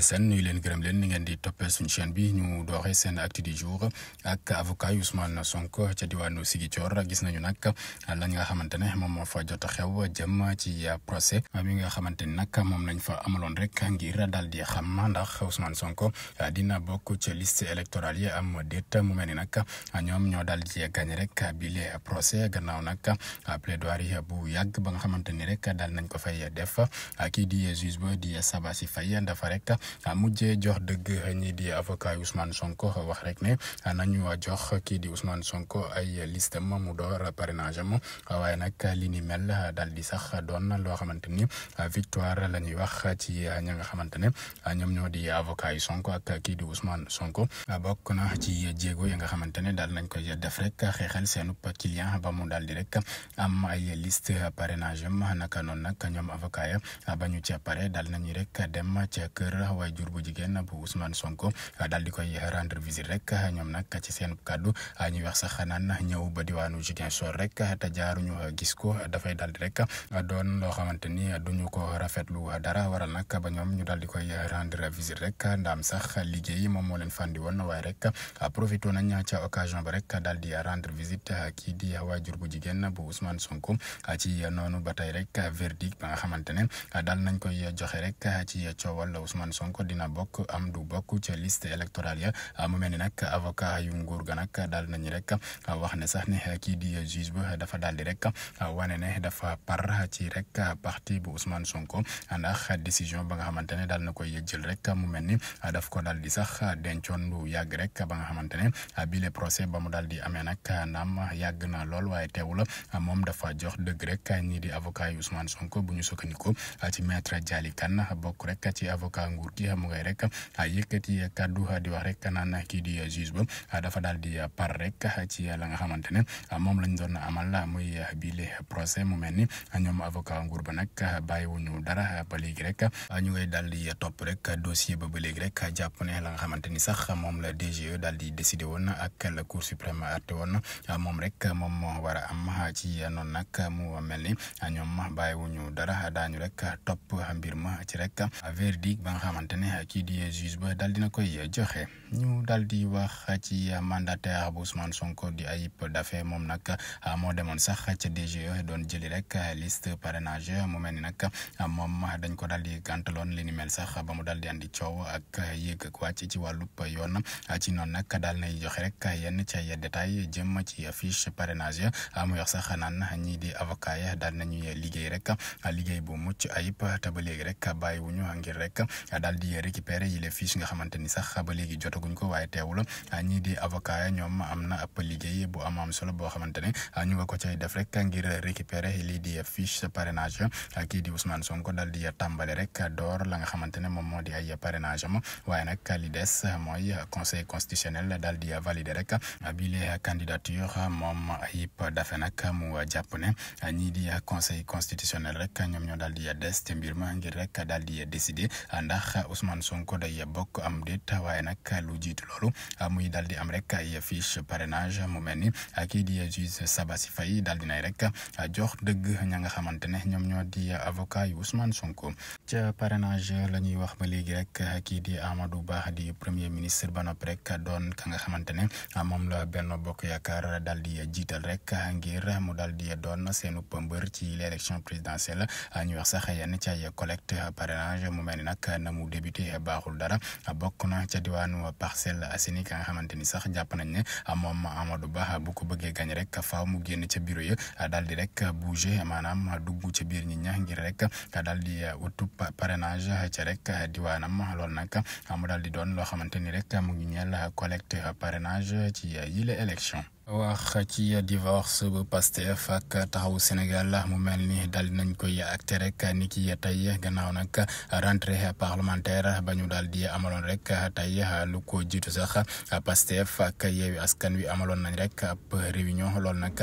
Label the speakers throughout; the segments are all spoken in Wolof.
Speaker 1: seen Sène nuyu leen gërëm leen ni ngeen di toppee suñu chaîne bi ñu doxee seen acte du jour ak avocat yu Ousmane Sonko ca diwaanu Ziguinchor gis nañu nag lañ nga xamante ne moom moo fa jot a xew jëm ci procès bi nga xamante ni nag moom lañ fa amaloon rek ngir daal di xam ndax Ousmane Sonko dina bokk ci liste électorale yi am déet mu mel ni nag ñoom ñoo daal di gagné rek bile procès gannaaw nag plaidoirie bu yàgg ba nga xamante ni rek daal nañ ko fay def kii di juge ba di Sabassy Faye dafa rek a mujjee jox dëgg ñii di avocat yi Ousmane Sonko wax rek ne nañu jox kii di Ousmane Sonko ay listam mu door parrainage am waaye nag li ni mel daal di sax doon loo xamante ni victoire la ñuy wax ci ña nga xamante ne ñoom ñoo di avocat yi Sonko ak kii di Ousmane Sonko bokk na ci jéego yi nga xamante ne daal nañ koy def rek xeexal seenu client ba mu daal di rek am ay liste parrainage a naka noonu nag ñoom avocat ya ba ñu ca pare daal nañu rek dem ca kër. waajur bu jigéen bu Ousmane Sonko daal di koy rendre visite rek ñoom nag ci seen kàddu ñuy wax sax naan ñëw ba diwaanu Ziguinchor rek te jaaruñu gis ko dafay daal di rek doon loo xamante ni duñu ko rafetlu dara waral nag ba ñoom ñu daal di koy rendre visite rek ndaam sax liggéey moom moo leen fàndi woon waaye rek profité nañ ca occasion ba rek daal di rendre visite kii di waajur bu jigéen bu Ousmane Sonko ci noonu ba tey rek verdict ba nga xamante ne daal nañ koy joxe rek ci coowal Ousmane Sonko Sonko dina bokk am du bokk ca liste électorale ya ah, mu mel ni nag avocat yu nguur ga nag daal nañu rek ah, wax ne sax ne kii di juge ba dafa daal di rek ah, wane ne dafa par ci rek parti bu Ousmane Sonko ndax décision ba nga xamante ne daal na koy jël rek mu mel ni daf ko daal di sax dencoon lu yàgg rek ba nga xamante ne bi le ba mu daal di amee nag naam yàgg na lool waaye teewul moom dafa jox dëgg rek ñii di avocat yu Ousmane Sonko bu ñu sukkandikoo ci maître Dialy Kane bokk rek ci avocat nguur Macky mu ngay rek yëkkati kaddu di wax rek naan kii di juge ba dafa daal di par rek ci la nga xamante ne moom lañ doon amal muy biile procès mu mel ni ñoom avocat nguur ba nag bàyyiwuñu dara léegi rek ñu ngay daal di topp rek dossier ba ba léegi rek jàpp la nga xamante ni sax moom la DGE daal di décidé woon ak la cour suprême arrêté woon moom rek moom moo war a am ci noonu nag mu mel ni ñoom bàyyiwuñu dara daañu rek topp mbir ma ci rek verdict ba nga xamante xamante ne kii di juge ba daal dina koy joxe ñu daal di wax ci mandataire bu Ousmane Sonko di Ayib Daffé moom nag moo demoon sax ca DGE doon jëli rek liste parrainage mu mel ni nag moom dañ ko daal di gàntaloon li ni mel sax ba mu daal di coow ak yéeg ak wàcc ci wàllub yoon ci noonu nag daal nay joxe rek yenn ci ay détails jëm ci fiche parrainage muy wax sax naan ñii di avocat ya daal nañuy liggéey rek liggéey bu mucc ayib te ba léegi rek bàyyiwuñu ngir rek daal daal di récupérer yi les fiches nga xamante ni sax ba léegi jotaguñ ko waaye teewul ah, ñii di avocat ñoom am na ab liggéey bu solo boo xamante ne ah, ñu nga ko cay def rek ngir récupérer lii di fiche parrainage ah, kii di Ousmane Sonko daal di tàmbale rek door la nga xamante ne moom moo di ay parrainage am waaye nag li des mooy conseil constitutionnel daal di valider rek bi les candidature moom Ayib Daffé nag mu jàpp a ñii di conseil constitutionnel rek ñoom ñoo daal di des ma ngir Ousmane Sonko day bokk am déet waaye nag lu jiitu loolu muy daal di am rek ay fiche parrainage mu mel ni kii di juge Sabassi Faye daal di nay rek jox dëgg ña nga xamante ne ñoom ñoo di avocat yu Ousmane Sonko ca parrainage la ñuy wax ba léegi rek kii di Amadou Ba di premier ministre ba nopp rek doon ka nga xamante ne moom la benn bokk yaakaar daal di jiital rek ngir mu daal di doon seenu mbër ci l' élection présidentielle ñuy wax sax yenn ci ay collecte parrainage a baaxul dara bokk na ca diwaanu Parcelles Assainies ka nga xamante ni sax jàpp nañ ne moom Amadou Ba bu ko bëggee gañ rek faaw mu génn ca bureau yë daal di rek bouger maanaam dugg ca biir ñi ñax ngir rek daal di utub parrainage ca rek diwaanam loolu nag mu daal di doon loo xamante ni rek mu ngi ñeel collecte parrainage ci yile élection wax ci divorce bu Pastef ak taxawu Sénégal mu mel ni daal di nañ koy acté rek ni ki tey gannaaw nag rentrée parlementaire ba ñu daal di amaloon rek tey lu ko jiitu sax Pastef ak yeewi askan wi amaloon nañ rek ab réunion loolu nag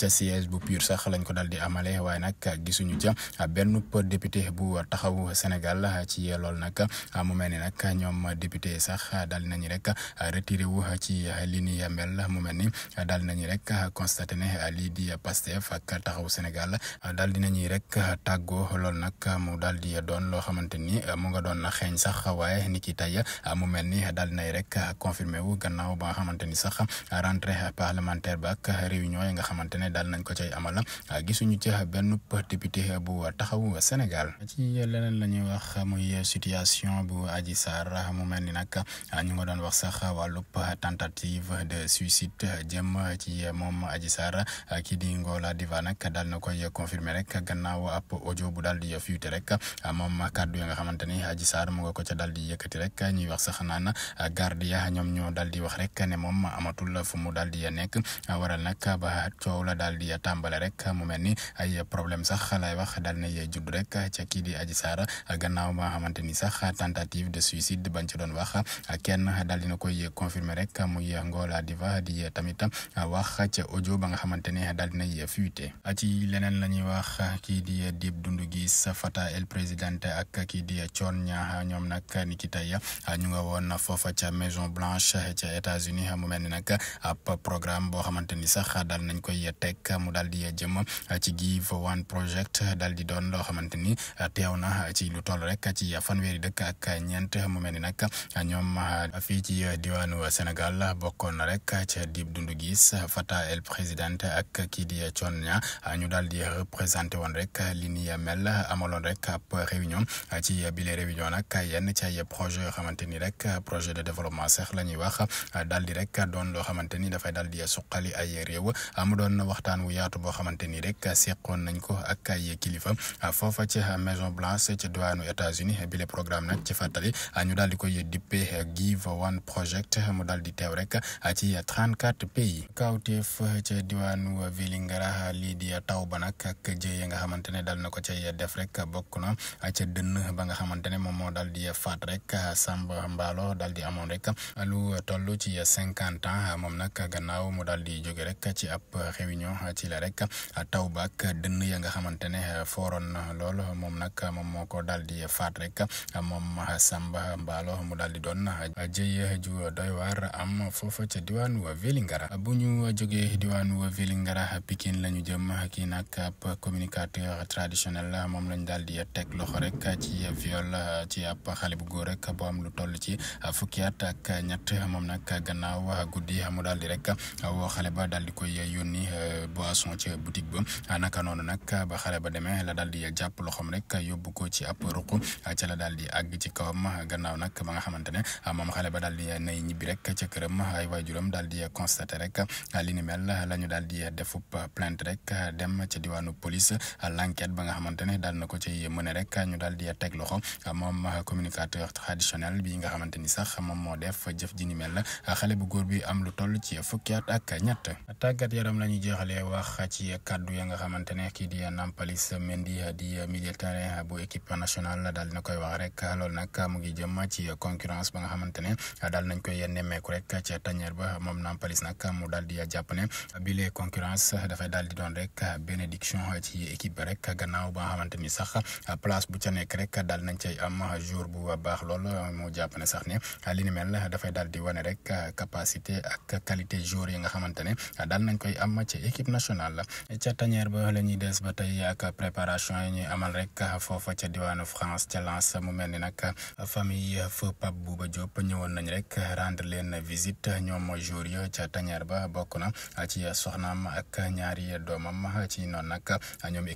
Speaker 1: ca siège bu PUR sax lañ ko daal di amale waaye nag gisuñu ca benn député bu taxawu Sénégal ci loolu nag mu mel ni nag ñoom député sax daal nañ rek retiré wu ci li ni mel mu mel ni. Ah, ah, ah, daal dinañuy rek constaté ne lii a Pastef ak taxaw Sénégal daal dinañuy rek tàggoo loolu nag mu daal di doon loo xamante ni mu nga doon xeeñ sax waaye ni ki tey mu mel ni daal dinay rek confirmé wu gannaaw ba nga xamante ni sax rentrée parlementaire ba ak réunion yi nga xamante ne daal nañ ko cay amal gisuñu ci benn député bu taxaw Sénégal ci leneen la ñuy wax muy situation bu Adji Sarr mu mel ni nag ñu nga doon wax sax wàllub tentative de suicide jëm ci moom Adji Sarr kii di Ngoola Diva nag daal na koy confirmer rek gannaaw ab audio bu daal di fuité rek moom kàddu ya nga xamante ni Adji Sarr mu nga ko ca daal di yëkkati rek ñuy wax sax a garde ya ñoom ñoo daal di wax rek ne moom amatul fu mu daal di nekk waral nag a coow la daal di tàmbale rek mu mel ni ay problème sax lay wax daal nay rek kii di Adji Sarr gannaaw ba nga xamante ni sax tentative de suicide bañ ci doon wax ca ojo ba nga xamante ne daal dinay fuité ci leneen la ñuy wax kii di Dip Doundou Guiss Fata El Presidente ak kii di Thione Niang ñoom nag ni ki tey ñu nga woon foofa ca Maison Blanche ca États-Unis mu mel ni nag ab boo xamante ni sax daal nañ koy teg mu daal di jëm ci Give One Project daal di doon loo xamante ni teew na ci lu toll rek ci ya fanweeri dëkk ak ñeent mu mel ni nag ñoom fii ci diwaanu Sénégal bokkoon na rek ca Dip Doundou Guiss Idriss Fata el présidente ak kii di Thione Niang ñu daal di représenté woon rek li ni mel amaloon rek ab réunion ci bile réunion nag yenn ci ay projet yoo xamante ni rek projet de développement seex la ñuy wax daal di rek doon loo xamante ni dafay daal di suqali ay réew mu doon waxtaan wu yaatu boo xamante ni rek seqoon nañ ko ak ay kilifa foofa ci Maison Blanche ci diwaanu États-Unis bile programme nag ci fàttali ñu daal di koy dippe Give One Project mu daal di teew rek yi kaawteef eh, ca diwaanu Vélingara lii di taw ba nag ak jëye nga xamante ne dal na ko cay def rek bokk na ca dënn ba nga xamante ne moom moo daal di faat rek Samba Mballo daal di amoon rek lu toll ci cinquante ans moom nag gannaaw mu daal di jóge rek ci ab réunion ci la rek taw ba dënn ya nga xamante ne fooroon lool moom nag moom moo ko daal di faat rek moom Samba Mballo mu daal di doon jëye ju doy waar am foofa ca diwaanu Vélingara. bu jogee jógee diwaanu Vélingara Pikine la ñu jëm kii nag ab communicateur traditionnel moom lañu daal di teg loxo rek ci viol ci ab xale bu góor rek bu am lu toll ci fukki at ak ñett moom nag gannaaw guddi mu daal di rek woo xale ba daal di koy yónni euh, boisson ci boutique ba naka noonu nag ba xale ba demee la daal di jàpp loxoom rek yóbbu ko ci ab ruq ca la daal di àgg ci kawam gannaaw nag ba nga xamante ne moom xale ba daal di nay ñibbi rek ca këram ay waajuram daal di constaté rek. nag li ni mel la ñu daal di defub plainte rek dem ca diwaanu police l'enquête ba nga xamante ne daal na ko ci mëne rek ñu daal di teg loxo moom communicateur traditionnel bi nga xamante ni sax moom moo def jëf ji ni mel la xale bu góor bi am lu toll ci fukki at ak ñett tàggat yaram la ñu jeexalee wax ci kaddu ya nga xamante ne kii di a Nampalys Mendy di milieu terrain bu équipe nationale daal dina koy wax rek loolu nag mu ngi jëm ci concurrence ba nga xamante ne daal daal di jàpp ne bi les concurrence dafay daal di doon rek bénédiction ci équipe bi rek gannaaw ba nga xamante ni sax place bu ca nekk rek dal nañ cay am jour bu baax lool mu jàpp sax ne li ni mel dafay daal di wane rek capacité ak qualité joueur yi nga xamante ne daal nañ koy am ci équipe nationale ca tañeer ba la ñuy des ba tey ak préparation yi ñuy amal rek foofa ca diwaanu France ca lance mu mel ni nag famille feu Pape Bouba Diop ñëwoon nañ rek rendre leen visite ñoom jour yi ca tañeer ba bokk na ci soxnaam ak ñaari doomam ci noonu nag ñoom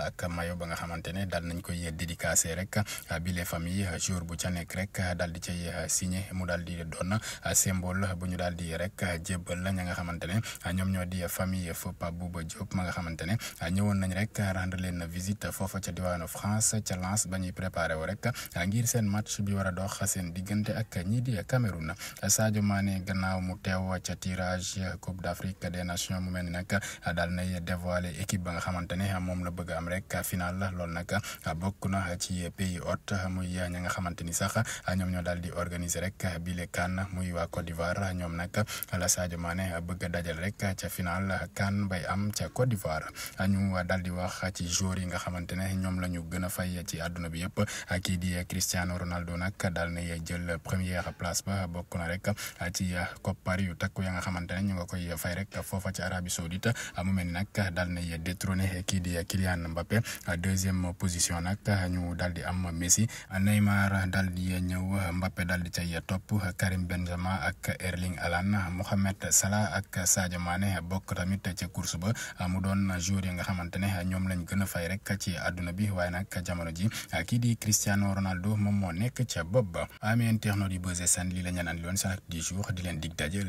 Speaker 1: ak mayo ba nga xamante ne daal nañ a dédicacé rek bi les familles jour bu ca nekk rek daal di cay signé mu daal di doon symbole bu ñu daal di rek jébbal ña nga xamante ne ñoom ñoo di famille feu Pape Bouba Diop ma nga xamante ne ñëwoon nañ rek rendre leen visite foofa ca diwaanu France ca Lens ba ñuy préparé wu rek ngir seen match bi war a dox seen diggante ak ñii di Cameroun Sadio Mané gannaaw mu teew ca tirage. ci Coupe d'Afrique des Nations mu mel ni nag daal nay dévoilé équipe ba nga xamante ne moom la bëgg am rek final la loolu nag bokk na ci pays hôte muy ña nga xamante ni sax ñoom ñoo daal di organiser rek bile CAN muy waa Côte d'Ivoire ñoom nag la Sadio Mané bëgg a dajal rek ca final CAN bay am ca Côte d'Ivoire ñu daal di wax ci joueurs yi nga xamante ne ñoom la ñu gën a fay ci àdduna bi yëpp kii di Cristiano Ronaldo nag daal nay jël première place ba bokk na rek ci koppar yu takku ya nga xamante ne ñu nga koy fay rek foofa ci Arabie Saoudite mu na ni nag daal nay détrôné kii di Kylian Mbappé deuxième position nag ñu dal di am Messi Neymar daal di ñëw Mbappé dal di ca cay topp Karim Benzema ak Erling Haaland Mohamed Salah ak Sadio Mané bokk tamit ci course ba mu doon joueur yi nga xamante ne ñoom lañu gën a fay rek ci àdduna bi waaye nag jamono ji kii di Cristiano Ronaldo moom moo nekk ca bopp ba amee internaute yi Buzz seen di leen dig daje